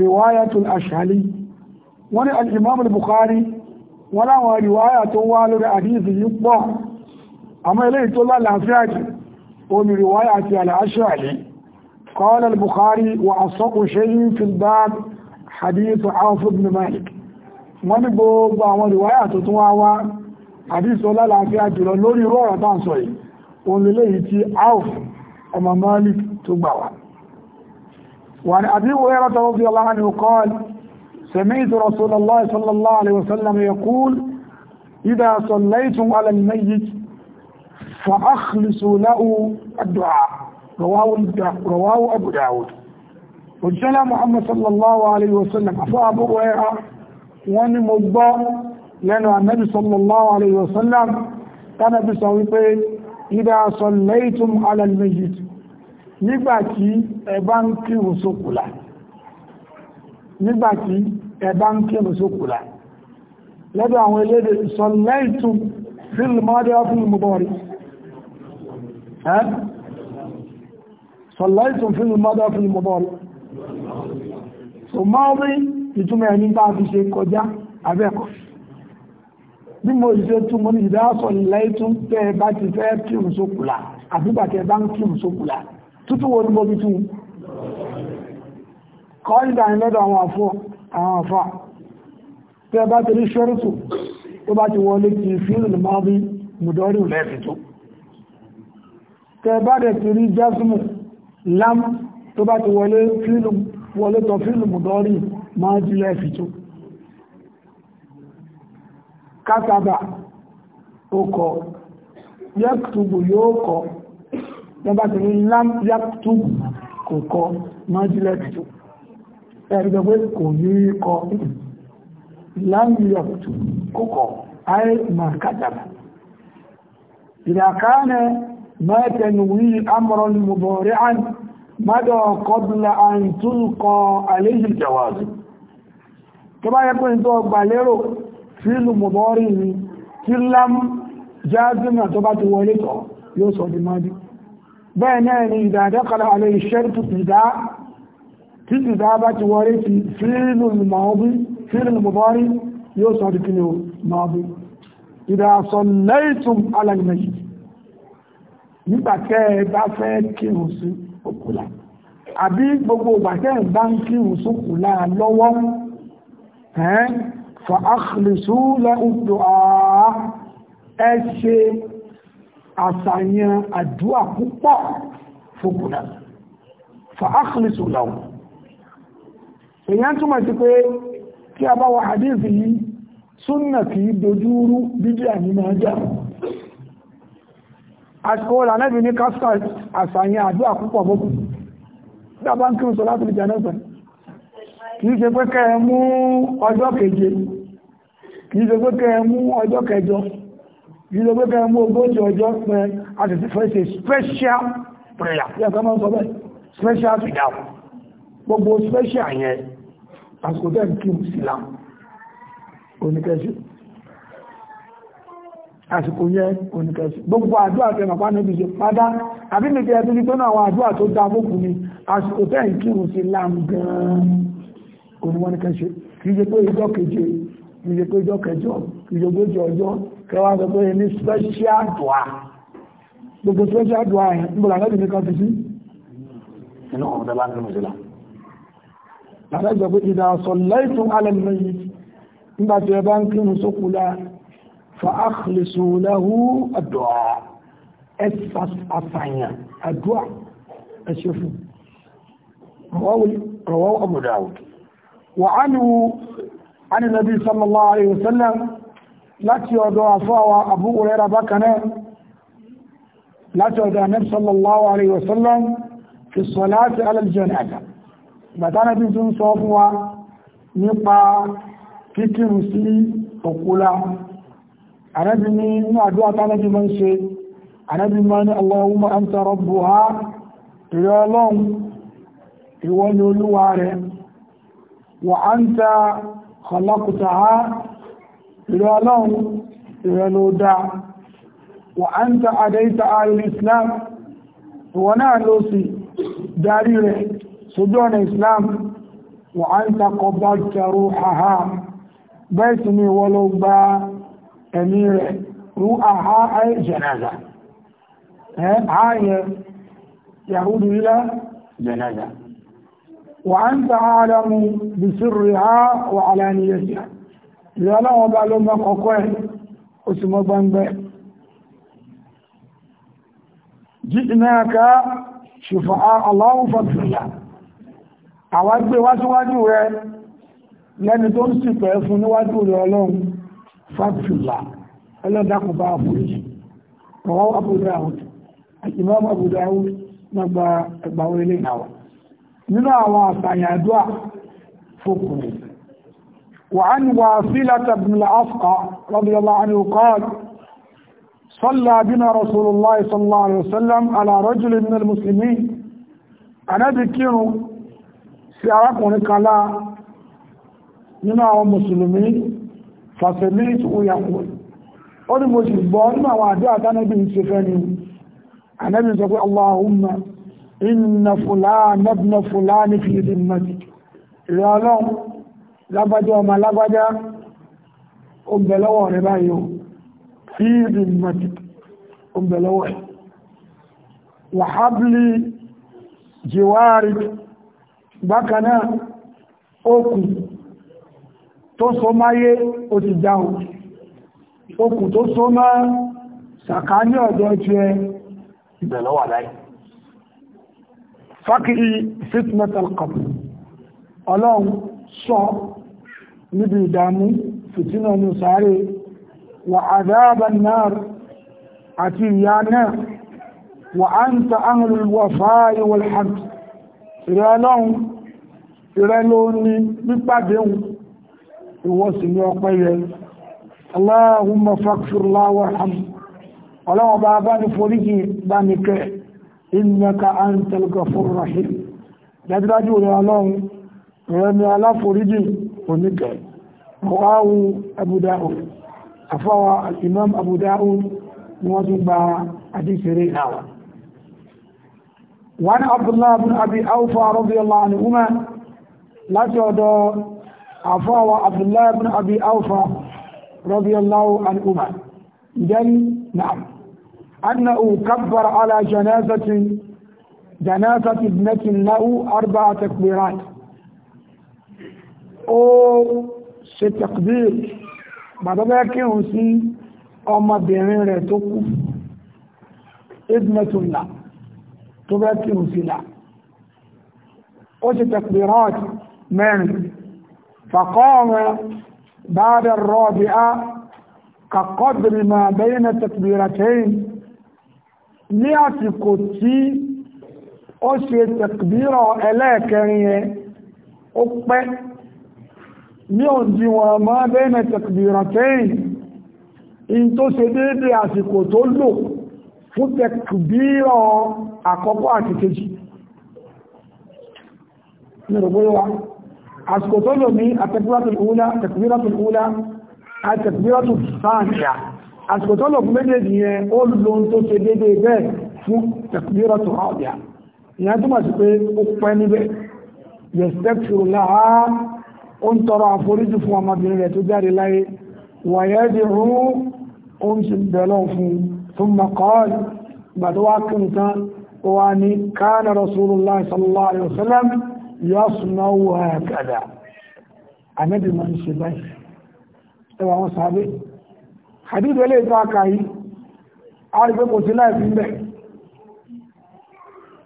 S1: riwayat al wọ́n ni al-Imam wọ́n ومن رواية الأشعري قال البخاري وأصدق شيء في الباب حديث عوف بن مالك wọ́n ní gbogbo àwọn ìwáyà tó tún wá wá àdísọ lálàáfíà jùlọ lórí irú ọ̀rọ̀ tán sọ yìí òun lè léyìí tí Auf ọmọ Malik tó gbà wá wà ní Abi Hurairah radiyallahu anhu qala sami'tu Rasulallahi sallallahu alaihi wasallam yaqul idha sallaytum ala al-mayyit فأخلصوا له الدعاء رواه رواه أبو داود وجل محمد صلى الله عليه وسلم فأبو هريرة وأن مضى لأن النبي صلى الله عليه وسلم كان بصوته إذا صليتم على الميت nígbàtí ẹ bá ń kírun sókùlà nígbàtí ẹ bá ń kírun sókùlà lọ́dọ̀ àwọn elédè sọ̀lẹ́ìtún fílmọ́dé ọ́fíìmù bọ́ọ̀rì ها صليتم في المضى في المضارع الماضي ìtumọ̀ ẹni bá fi ṣe kọjá abẹ́kọ̀ bí mo ṣe tún mọ́ ní ìdásọ̀ lẹ́ẹ̀tún tẹ́ bá ti fẹ́ kírùn sókùlà àbúgbàtẹ́ bá ń kírùn sókùlà tútù wo ní mo fi tún kọ́ ìdáyìn lọ́dọ̀ àwọn àfọ́ àwọn àfà tẹ́ bá ti rí ṣẹ́rùtù tó bá ti wọlé ti fíìlì mọ́bí mùdọ́rì lẹ́ẹ̀fì tó tẹ bá ti rí jásmù lam tó bá ti wọlé tọ fílùmù dọ́rí máa jílẹ̀ fìtó kátàbà ó kọ yẹ́kùtùbù yóò kọ tọba ti rí lam yẹ́kùtùbù kò kọ máa jílẹ̀ fìtó ẹgbẹ̀gbẹ̀ kò ní kọ lam yẹ́kùtùbù kò kọ ayé màkátàbà ìdàkánẹ́ ما تنوي أمرا مضارعا مدى قبل أن تلقى عليه الجواز كما يكون انتو باليرو في المضارع في لم جازم تبات ولده يوصل الماضي بينان إذا دخل عليه الشرط ابتداء في كتابة ورث فعل الماضي فعل المضارع يوصل كنه ماضي إذا صليتم على الميت nígbàtẹ́ ẹ bá fẹ́ kírun sí òkúlà àbí gbogbo ìgbàtẹ́ ẹ bá ń kírun sí òkúlà lọ́wọ́ ẹ́n fa akhlisu lahu du'a ẹ ṣe àṣàyàn àdúrà púpọ̀ fòkúlà fa akhlisu lahu èyàn túnmọ̀ sí pé kí a bá wà àsìkò lànàbì ní kásà àṣàyàn àdúrà púpọ̀ bókù dábá ń kí oṣù láti ìjà náà kìí ṣe pé kẹ́ ẹ mú ọjọ́ keje kìí ṣe pé kẹ́ ẹ mú ọjọ́ kẹjọ kìí ṣe pé kẹ́ ẹ mú ogójì ọjọ́ pẹ́ àtẹ̀sí fẹ́ ṣe special prayer yẹ́ kọ́ máa ń sọ bẹ́ẹ̀ special prayer gbogbo special yẹn àsìkò tẹ́ kí oṣù láti oníkẹ́ṣẹ́ àsìkò yẹn oníkẹsì gbogbo àdúrà tẹ màpá níbi ṣe padà àbí mi tẹ́ ẹbí pé náà àwọn àdúrà tó dá gbogbo ni àsìkò tẹ́ ìkírun sí láǹgán oníwọ́nìkẹsì kì í special dua gbogbo special dua yẹn ń bọ̀ làlẹ́ mi kan fi sí inú ọ̀rọ̀ dẹ́lá nínú ìṣẹ́lá làlẹ́ ìjọ pé ìdá sọ lẹ́tùn فأخلصوا له الدعاء أسفص أصعيا الدعاء أشوفوا رواه رواه أبو داود وعنه عن النبي صلى الله عليه وسلم láti ọ̀dọ̀ àfọ́wà Abu Hurairah bákanáà láti ọ̀dọ̀ Ànábì sallallahu alaihi wasallam fi salati ala al-janaza bàtánà bí tún sọ fún wa ànábì ní inú àdúrà tánàbí mọ́ ń ṣe ànábì mọ́ ní Allahumma anta rabbuha ìrẹ́ ọlọ́run ìwọ ni olúwa rẹ̀ wa anta khalaqtaha ìrẹ́ ọlọ́run ìrẹ́ ló dá wa anta adayta al-islam ìwọ náà ló sì darí rẹ̀ sójú ọ̀nà islam wa anta qabadta ruhaha bẹ́ẹ̀ sì ni ìwọ ló gbáà ẹ̀mí rẹ̀ rú àhá jẹ̀nàzà ààyẹ yahudu ilá jẹ̀nàzà wà ń ta alamu bí sírì ha wà aláníyàjá ìyọ́láwọ̀ bá ló mọ́ kọ̀kọ́ ẹ̀ ó sì mọ́ gbangba jìdínáka ṣùfà aláwọ̀ fàtìlá àwọn gbé lẹ́ni tó ń sì pẹ̀ fún níwájú rẹ̀ ọlọ́run fàfìlà ẹlọ́dàkùn bá àforíjì ọwọ́ Abu Dawud àti Imam Abu Dawud nàgbà ẹgbàwọ́ ilé ìnáwà nínú àwọn àṣàyàn àdúà fòkùnrin وعن واصلة بن العصقى رضي الله عنه قال صلى بنا رسول الله صلى الله عليه وسلم على رجل من المسلمين أنا ذكروا سيارة ونكالا من المسلمين fàṣẹ̀mẹ́tì ó yà kúrò ó ní mo sì gbọ́ nínú àwọn àdúrà tánàbí ń ṣe fẹ́ ni ànábì sọ pé Allahumma inna fulana ibna fulani fi dhimmati ìrẹ́ ọlọ́run lágbájá ọmọ tó so máyé ó ti dáhùn okùn tó so mọ́ sàkání ọ̀dọ́ ti ẹ ìbẹ̀lọ́wà láì fákìí fitnatal qabr ọlọ́run sọ níbi ìdàmú fìtínà ní sáré wà àdáàbà náà àti ìyá náà wà á ń ta áhùrùwà fáyí wọ́n hàn ní pípàdéhùn ìwọ́sí ní ọpẹ́ yẹ Allahumma faghfir lahu warham ọlọ́wọ́ bá bá ní foríkì bá ní kẹ́ innaka antal ghafur rahim dájúdájú rẹ̀ ọlọ́run rẹ̀ ni aláforíjì oníkẹ́ ọwáwú Abu Dawud afọ́wà imam Abu Dawud ni wọ́n الله بن ابي اوفى رضي الله عنهما جل نعم أنه كبر على جنازة جنازة ابنة له أربع تكبيرات أو ستكبير بعد ذلك سي أما بيرين رتوك ابنة له تبقى ينسي لا أو ستكبيرات من فقام بعد الرابعة كقدر ما بين التكبيرتين ní àsìkò tí ó ṣe tẹ̀kbírọ̀ ẹlẹ́ẹ̀kẹrin yẹn ó pẹ́ ní òǹdíwọ̀n ma bẹ́ẹ̀nà tẹ̀kbírọ̀ tẹ́yìn in tó ṣe déédé àsìkò tó lò fún tẹ̀kbírọ̀ àkọ́kọ́ àti kejì ní rògbóyíwá àsìkò tó lò ní àtẹ̀kùnrátùlúlá àtẹ̀kùnrátùlúfáàníà àsìkò tó lò fún méjèèjì yẹn ó lò ń tó ṣe dédé bẹ́ẹ̀ fún tẹ̀kùnrátùlúfáàníà ìyẹn túnmọ̀ sí pé ó pẹ́ níbẹ̀ yẹ̀stẹ́kùrù láhá ó ń tọrọ àforíjì fún ọmọbìnrin rẹ̀ tó jáde láyé wàyẹ́dì rún ó ń ṣe bẹ̀lọ́ fún fún makọ́ọ̀l gbàdọ́wà kìnnìkan ó wá ní kánà rasulullah sallallahu alaihi wasallam yasnawu hakada ànábì máa ń ṣe báyìí ẹwà wọn sàábé hadith ilé ìtọ́ àkàyí a rí pé kò sí láìsí mbẹ̀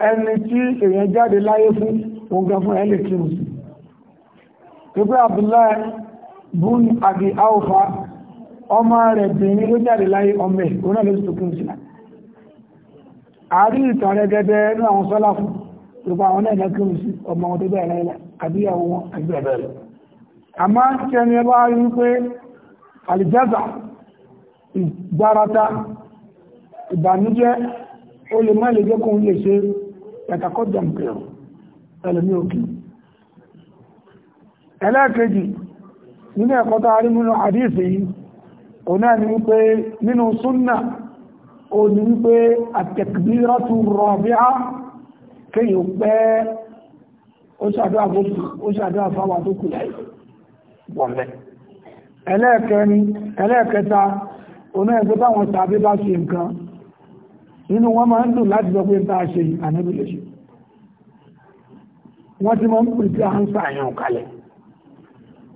S1: ẹni tí èèyàn jáde láyé fún oúnjẹ fún ẹ̀ lè kírun sí pípẹ́ Abdullahi bun Abi Awfa ọmọ rẹ̀ bìnrin ló jáde láyé ọmọ ẹ̀ onáà ló sì tó kírun sí láyé àárí ìtàn rẹ̀ gẹ́gẹ́ ní àwọn sọ́lá fún gbogbo àwọn náà lẹ́kẹ̀rù sí ọmọ wọn tó bẹ̀rẹ̀ láìlá àbíyàwó wọn àgbẹ̀ bẹ̀rẹ̀ lọ àmọ́ kẹni ẹ bá rí wípé àlìjẹ́bà ìgbárata ìbànújẹ́ ó lè má lè jẹ́ kó ń lè ṣe ẹ̀kàkọ́ jẹ̀mpẹ̀rù ẹlẹ́mí òkè ẹlẹ́ẹ̀kejì nínú ẹ̀kọ́ tó rí nínú àdíìsì yìí òun náà ni wípé nínú súnnà ó ní wípé àtẹ̀kbíratu rọ̀bíà kéyìn pẹ́ ó ṣàdúrà fáwà tó kù láì wọ̀mẹ́ ẹlẹ́ẹ̀kẹrin ẹlẹ́ẹ̀kẹta oná ẹgbẹ́ táwọn tàbí bá ṣe nǹkan nínú wọn máa ń dùn láti sọ pé bá ṣe ànábì lè ṣe wọ́n ti máa ń pè tí a ń sàyàn kalẹ̀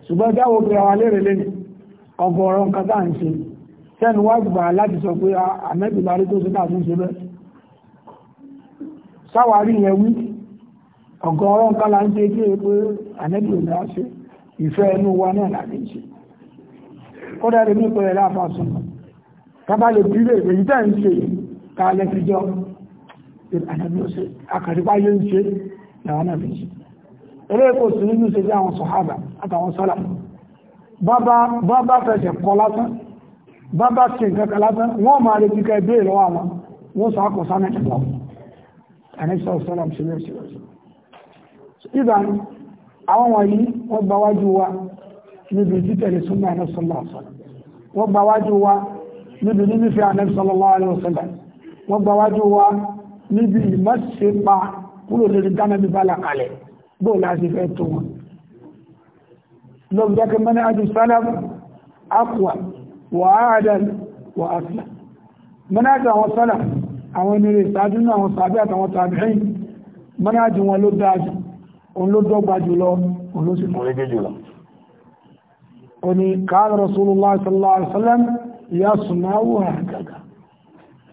S1: ṣùgbọ́n dáwọ́ pé àwọn alẹ́rẹ̀ lẹ́nu ọgọ́rọ̀ nǹkan tá à ń ṣe sẹ́nu wá gbà láti sọ pé ànábì lárí tó ṣe náà tún ṣe bẹ́ẹ̀ sáwárí yẹn wí ọ̀gọ̀ọ̀rọ̀ nǹkan la ń ṣe kí ẹ pé ànẹ́bí òní á ṣe ìfẹ́ ẹnu wa náà láti ṣe ó dáre ní ìpẹ̀rẹ̀ láàfà sùn tábà lè bí lè èyí tẹ́ ń ṣe ká lẹ́fi jọ ànẹ́bí ó ṣe akàrípá yóò ń ṣe làwọn náà fi ṣe eré kò sí nínú ṣe sí àwọn sọ̀hábà àtàwọn sọ́là bábá fẹsẹ̀ kọ́ lásán bábá ṣe nǹkan kan lásán wọ́n máa retí ká ẹgbẹ́ ìlọ́wọ́ àwọn wọ́n sọ àkọsánà ìlọ́wọ́ àníṣà sọ́lá ṣẹlẹ̀ ṣẹlẹ̀ ìgbà àwọn wọ̀nyí wọ́n gba wájú wa níbi títẹ̀lé súnmọ́ àníṣọ́lá sọ́lá wọ́n gba wájú wa níbi nífẹ̀ẹ́ àníṣọ́lá alẹ́sọ́lá wọ́n gba wájú wa níbi ìmọ̀ṣẹ́pa kúrò lórí gánàbí bala kalẹ̀ bóò láti fẹ́ tó wọn lọ́gbẹ́ kí mẹ́ni àjù sálàm akwa wà áàdàn wà áfíà mẹ́ni àjù àwọn sálàm àwọn ẹni rẹ̀ ìsáájú náà àwọn sàbí àtàwọn tàbíhìn mọ́nájú wọn ló dájú òun ló dọ́gba jùlọ òun ló sì múrégé jùlọ ó ní rasulullah sallallahu ya sùnáwó àgàgà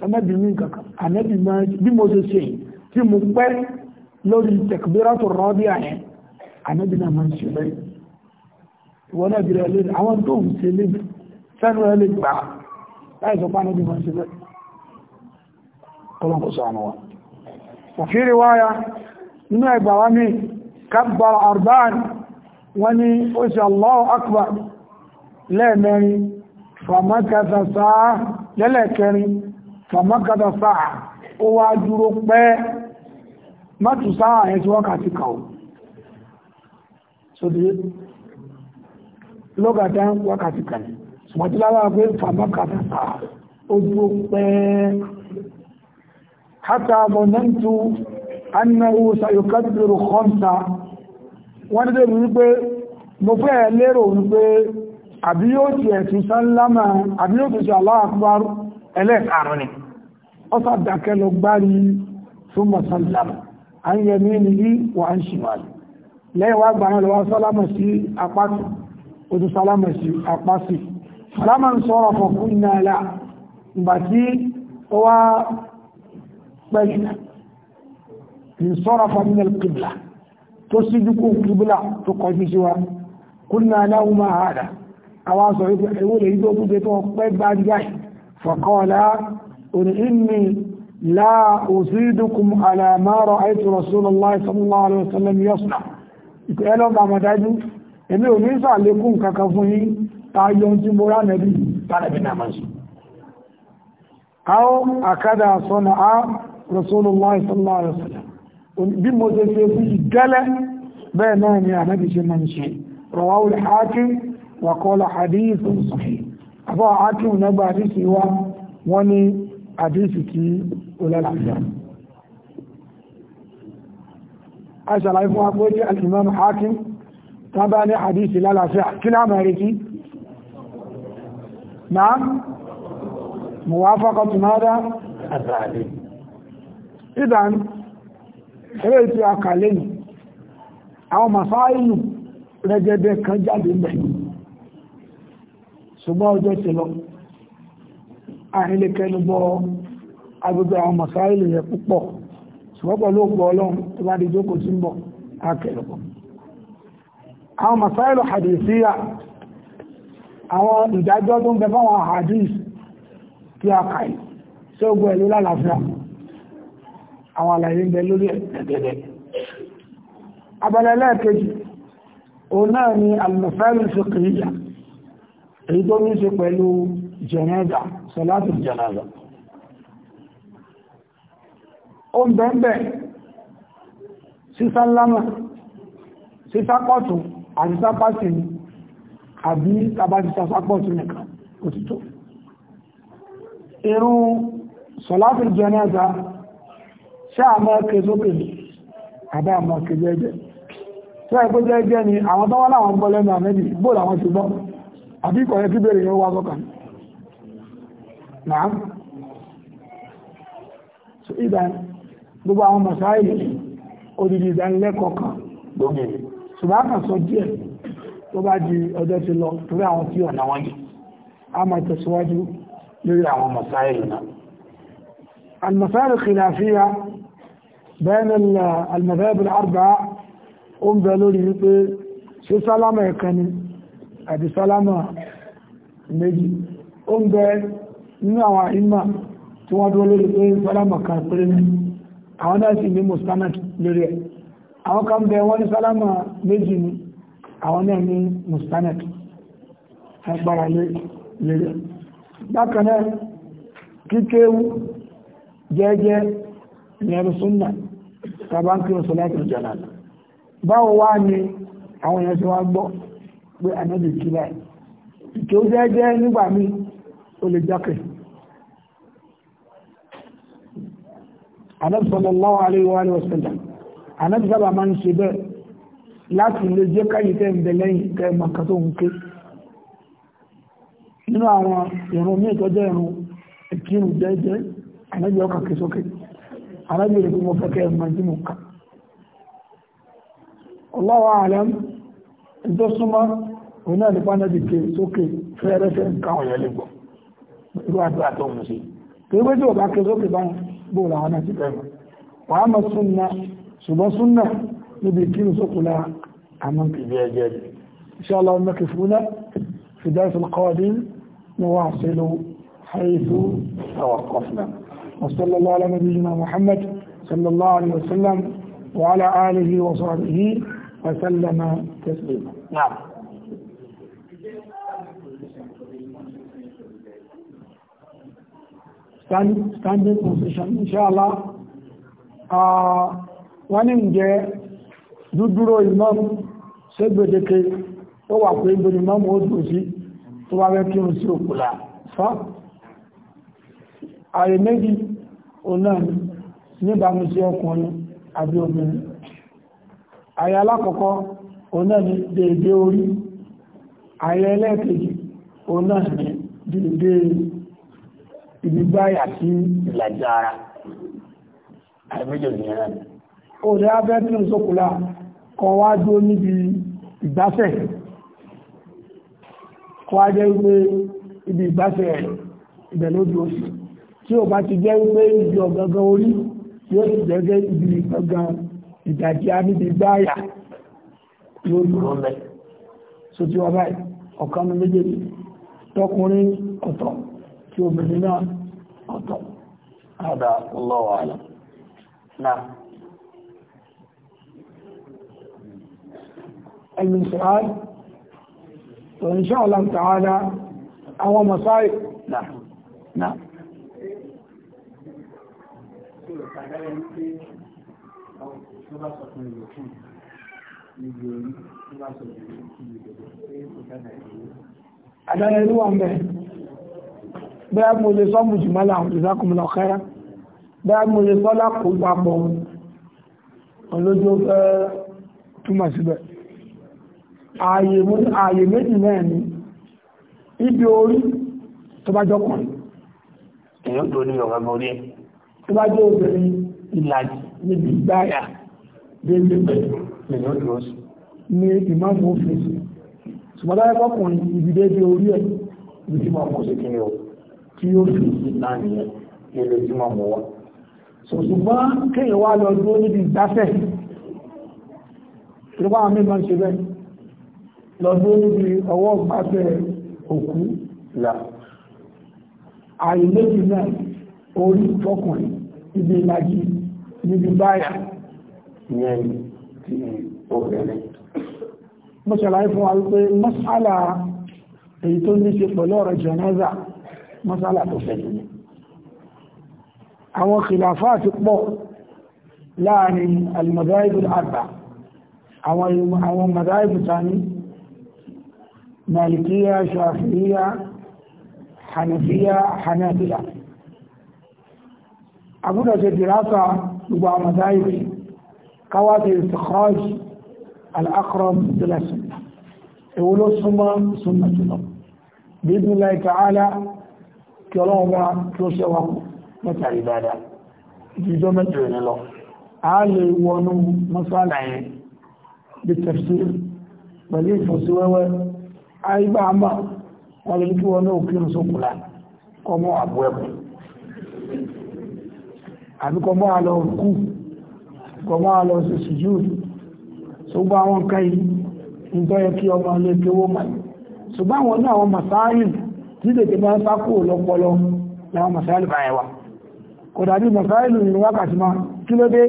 S1: ẹmẹ́bì ní kankan ànẹ́bì máa bí mo ṣe ṣe tí mo pẹ́ lórí tẹ̀kbírátù rọ́bí àyẹn ànẹ́bì náà máa ń ṣe lẹ́yìn àwọn tó ń ṣe lẹ́yìn sẹ́nu ẹ̀ lè gbà láìsọ pé ànẹ́bì máa ń ṣe lẹ́yìn kọlọ́kọ̀ sànù wa wàfí riwaya nínú ẹgbà wa ní kabbar arba'an wọ́n ní ó sì Allahu akbar lẹ́ẹ̀mẹ́rin fàmákàtà sáà lẹ́lẹ́kẹrin fàmákàtà sáà ó wá dúró pẹ́ mọ́tù sáà ẹ̀ tí wákàtí kàó sódé lọ́gàtà wákàtí kàó sùmọ́tí lára حتى ظننت أنه سيكبر خمسة wọ́n dé wípé mo fẹ́ lérò wípé àbí yóò ti ẹ̀tún sálámà àbí yóò ti ṣe aláàkúbárú ẹlẹ́ẹ̀kàrún ni ó sàdákẹ́ lọ gbárí súnmọ̀ sálámà a ń yẹmí ní yí wà ń ṣìwàlì lẹ́yìnwá gbàmà lọ́wọ́ sálámà sí apáṣì ojú sálámà pẹ́yìnà انصرف من القبلة تصدقوا قبلة تقدسوا قلنا له ما هذا أواصل يقول يدوب بيته قيد بعد جاي فقال إن إني لا أصيدكم على ما رأيت رسول الله صلى الله عليه وسلم يصنع قالوا ما مدادوا إنه ليس عليكم ككفوني تعيون تمورا نبي تعالى بنا منصر أو أكذا صنع رسول الله صلى الله عليه وسلم في بمزجزه قال بينان يا نبي من شيء رواه الحاكم وقال حديث صحيح أبا حاكم نبعث حديثي و وني حديثي ولا لا عايز الله يفهم أقولي الإمام حاكم نبا حديثي لا لا فعل كلام عام نعم موافقة ماذا الرعدين ìdáni eré tí a kà lẹ́nu àwọn màsáìlù rẹ̀gẹ̀dẹ̀ kan jáde mẹ́ ṣùgbọ́n ọjọ́ ti lọ àìlẹ́kẹ́lúbọ́ agbègbè àwọn màsáìlù yẹ púpọ̀ ṣùgbọ́n pẹ̀lú òpó ọlọ́run tó bá di jókòó sí ń bọ̀ akẹ́lẹ̀kọ́ àwọn màsáìlù hadithiya àwọn ìdájọ́ hadith tí a kà yìí ṣé lálàáfíà àwọn àlàyé ń bẹ lórí ẹ̀dẹ̀dẹ̀ abala lẹ́ẹ̀kejì òun náà ni alùfẹ́rù fìkìyà èyí tó ní ṣe pẹ̀lú jẹ̀nẹ́dà sọlátù jẹ̀nẹ́dà ó ń bẹ̀ẹ̀bẹ̀ sísá lámà sísá pọ̀tù àti sápásì ni àbí tàbátì sápọ̀tù nìkan òtítọ́ irun sọlátù jẹ̀nẹ́dà ṣáà máa ké sókè àbá máa ké jẹ́jẹ́ tí wọ́n kó jẹ́jẹ́ ni àwọn tó wọ́n láwọn gbọ́ lẹ́nu àmẹ́bì bó làwọn ti gbọ́ àbí kọ̀ yẹn kí bèrè yẹn wá sọ́kàn náà so ìdán gbogbo àwọn masáìlì odidi ìdánilẹ́kọ̀ọ́ kan lóge ṣùgbọ́n kan sọ díẹ̀ tó bá di ọjọ́ ti lọ torí àwọn tí ọ̀nà wọn ni a máa tẹ̀síwájú lórí àwọn masáìlì náà الخلافية bẹ́ẹ̀ni almadhab al-arba'a ó ń bẹ lórí wípé ṣe sálámà ẹ̀kan ni àbí sálámà méjì ó ń bẹ nínú àwọn àìmà tí wọ́n dúró lórí pé sálámà kan péré ní àwọn náà sì ní mustanad lórí ẹ̀ àwọn kan bẹ wọ́n ní sálámà méjì ni àwọn náà ní mustanad agbára lórí ẹ̀ bákan náà kíkéwú jẹ́jẹ́ ìyẹn sunna tàbá ń kírun sọlá tó jàlá báwo wá ni àwọn èèyàn ti wá gbọ́ pé ànábì kí láì ìkè ó jẹ́ jẹ́ nígbà míì ó lè jákè ànábì sallallahu alaihi wa alihi wasallam ànábì sábà máa ń ṣe bẹ́ẹ̀ láti lè jẹ́ káyìí tẹ́ ń bẹ lẹ́yìn tẹ́ mọ̀ kan tó ń ké nínú àwọn ìrun míì tó jẹ́ ìkírun jẹ́jẹ́ ànábì ọkà ké arábìnrin tí mo fẹ́kẹ́ ẹ̀mọ̀dínú ká ọlọ́wọ́ àlẹ́m ìjọ súnmọ́ oní àdìpánẹ́bì ké sókè fẹ́ẹ́rẹ́fẹ́ nǹkan ọ̀yẹ́ lè gbọ́ irú àdúrà tó mú sí torí pé tí ò bá ké sókè bá bò làwọn náà ti fẹ́ mọ́ wàá mọ súnna ṣùgbọ́n súnna níbi ìkíni sókù lára àmọ́ kìí حيث توقفنا وصلى الله على نبينا محمد صلى الله عليه وسلم وعلى آله وصحبه وسلم تسليما نعم standing position inshallah wọ́n ní ǹjẹ́ dúdúró imam ṣégbèdéke ó wà pé ibi imam ó dùn sí tó wá rẹ́ kí n sí òkúlà fáà ààrẹ méjì ọ̀nà níbàmú sí ọkùnrin àbí obìnrin ààrẹ alákọ̀ọ́kọ́ ọ̀nà ní déédé orí ààrẹ ẹlẹ́ẹ̀kejì ọ̀nà ní déédé ìgbígbáyà sí ìlàjì ara ààrẹ méjì ònìyàn náà òde abẹ́tún sókùlá kan wá dó níbi ìgbáfẹ́ kọ́ ajẹ́ wípé ibi ìgbáfẹ́ ìbẹ̀lódì oṣù tí o bá ti jẹ́ wípé ibi ọ̀gangan orí yóò ti gẹ́gẹ́ ibi gangan ìdajì abíbi gbáyà yóò dúró lẹ̀ so tí wọ́n báyìí ọ̀kan mi méjèèjì tọkùnrin ọ̀tọ̀ tí obìnrin náà ọ̀tọ̀ àdá àlọ́ náà المسؤال وإن شاء rẹ̀ ń pé tó bá sọ fún ìlú kù níbi orí tó bá sọ fún ìlú kù níbi orí pé kò dáadáa ìlú. Àdáyé ìlú wà ń bẹ̀. Bẹ́ẹ̀ mo lè sọ́ mùsùlùmọ́lá àwọn ìsákùnmọ́lá ọ̀kẹ́rá. Bẹ́ẹ̀ mo lè sọ́ lápò papọ̀ olójó fẹ́ túmọ̀ síbẹ̀. Ààyè méjì náà ni ibi orí tó bá jọkùnrin. Èyí ò tó ní ọ̀gá ìlàjì níbi gbáyà déédé pẹ̀lú lèyàn dúró sí ní ìmáàmù òfìsì ṣùgbọ́n ọkùnrin ibi déédé orí ẹ̀ ibi tí máa mú sí kiri o tí yóò fi ìlànà nìyẹn nílé tí máa mú wa ṣùgbọ́n kéèyàn wá lọ dúró níbi ìgbafẹ́ ìrọ́bá àwọn mẹ́bàá ń ṣe bẹ́ẹ̀ lọ dúró níbi ọwọ́ gbafẹ́ òkú là àyè méjì náà orí tọkùnrin ibi ìlàjì níbi báyà yẹn ti obìnrin mo ṣàlàyé fún wa wípé mọ́sálà èyí tó ní ṣe pẹ̀lú ọ̀rọ̀ jẹ̀nẹ́zà mọ́sálà tó fẹ́ jù ní àwọn kìlàfà ti pọ̀ láàrin alìmọ̀dáìbù àgbà àwọn mọ̀dáìbù tani malikiya shafiya hanafiya hanafiya abúdó ṣe dìrásà gbogbo àmàdáyìí káwàtí ìsìkọ́j al'akọrọm ìdílẹ̀sùn èwo ló súnmọ́ súnmọ́ jùlọ bíbí láì tààlà kí ọlọ́run wá kí ó ṣẹ́wà mẹ́tàrí dáadáa ìjọ mẹ́tàrí ní lọ a lè wọnú mọ́sálà yẹn bí tafsir pẹ̀lú ìfọ̀síwẹ́wẹ́ àìbá àmà wọn lè kí wọn náà kí n àbí kọ mọ́ àlọ́ òkú kọ mọ́ àlọ́ òṣèṣì jù ṣùgbọ́n àwọn nǹkan yìí ń tọ́ yẹ kí ọmọ ilé kéwó mọ̀ ṣùgbọ́n àwọn náà àwọn masáàlì tí tètè bá ń sákò lọ́pọlọ láwọn masáàlì báyẹ̀ wà kò dàbí masáàlì ní wákàtí máa kí ló dé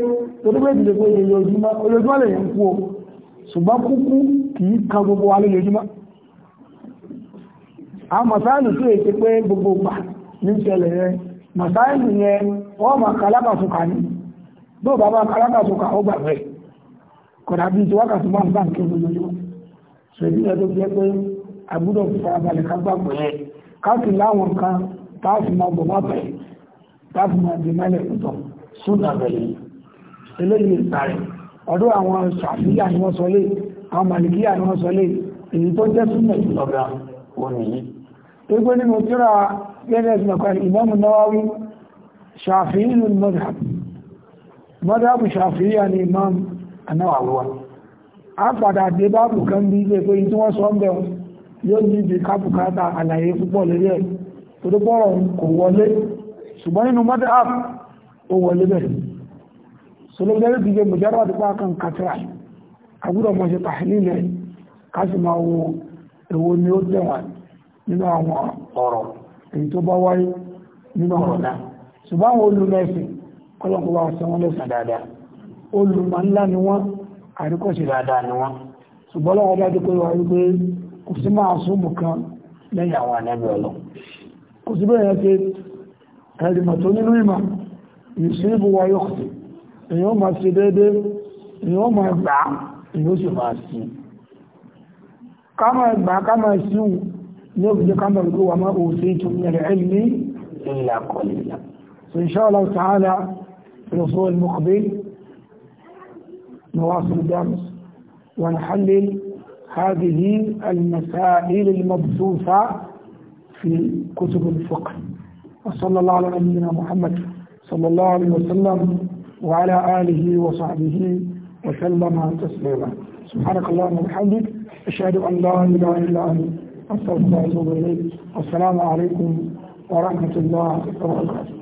S1: tó tó bẹ́ẹ̀ dìde pé ojoojúmọ́ wọ́n máa kalábà fúnka ní bó bá bá kalábà fúnka ó gbà rẹ̀ kọ̀dà bí ti wákàtí máa ń bá nǹkan lójoojúmọ́ ṣèlú ẹ̀ tó jẹ́ pé àbúrò farabalẹ̀ ká gbàgbọ́ yẹn ká sì láwọn nǹkan tá a fi máa bọ̀ má bẹ̀ tá a fi máa di mẹ́lẹ̀ púpọ̀ sódà bẹ̀rẹ̀ eléyìí ìsàrẹ̀ ọ̀dọ̀ àwọn ṣàfíyà ni wọ́n sọ àwọn màlìkíyà ni wọ́n sọ lé èyí tó jẹ́ súnmọ̀ ìlọ́gà òní gbogbo nínú tíra gẹ́gẹ́ sí ọ̀kan Imam Nawawi شافعي المذهب مذهب شافعي ni imam anáwàlúwà a padà dé báàbù kan bí ilé pé tí wọ́n sọ ń bẹ̀ yóò ní ibi kápùkátà àlàyé púpọ̀ lórí ẹ̀ tó tó pọ́rọ̀ kò wọlé ṣùgbọ́n nínú ṣùgbọ́n àwọn olùmẹ̀sìn kọ́lọ́kọ́ wa sọ wọ́n lẹ́sàn dáadáa olùmọ̀ ńlá ni wọ́n àríkọ̀ṣe dáadáa ni wọ́n ṣùgbọ́n lọ́wọ́ bá dé pé wà wípé kò sí máa súnmù kan lẹ́yìn àwọn ànábì ọlọ́ kò sí bẹ́ẹ̀ ṣe ẹ̀rìmọ̀ tó nínú ìmọ̀ ìṣẹ́bù wa yóò èèyàn máa ṣe déédé èèyàn máa gbà èèyàn sì máa sí ká máa فإن شاء الله تعالى في الأسبوع المقبل نواصل الدرس ونحلل هذه المسائل المبثوثة في كتب الفقه وصلى الله على نبينا محمد صلى الله عليه وسلم وعلى آله وصحبه وسلم تسليما سبحانك اللهم وبحمدك أشهد أن لا إله إلا أنت أستغفرك وأتوب إليك والسلام عليكم ورحمة الله وبركاته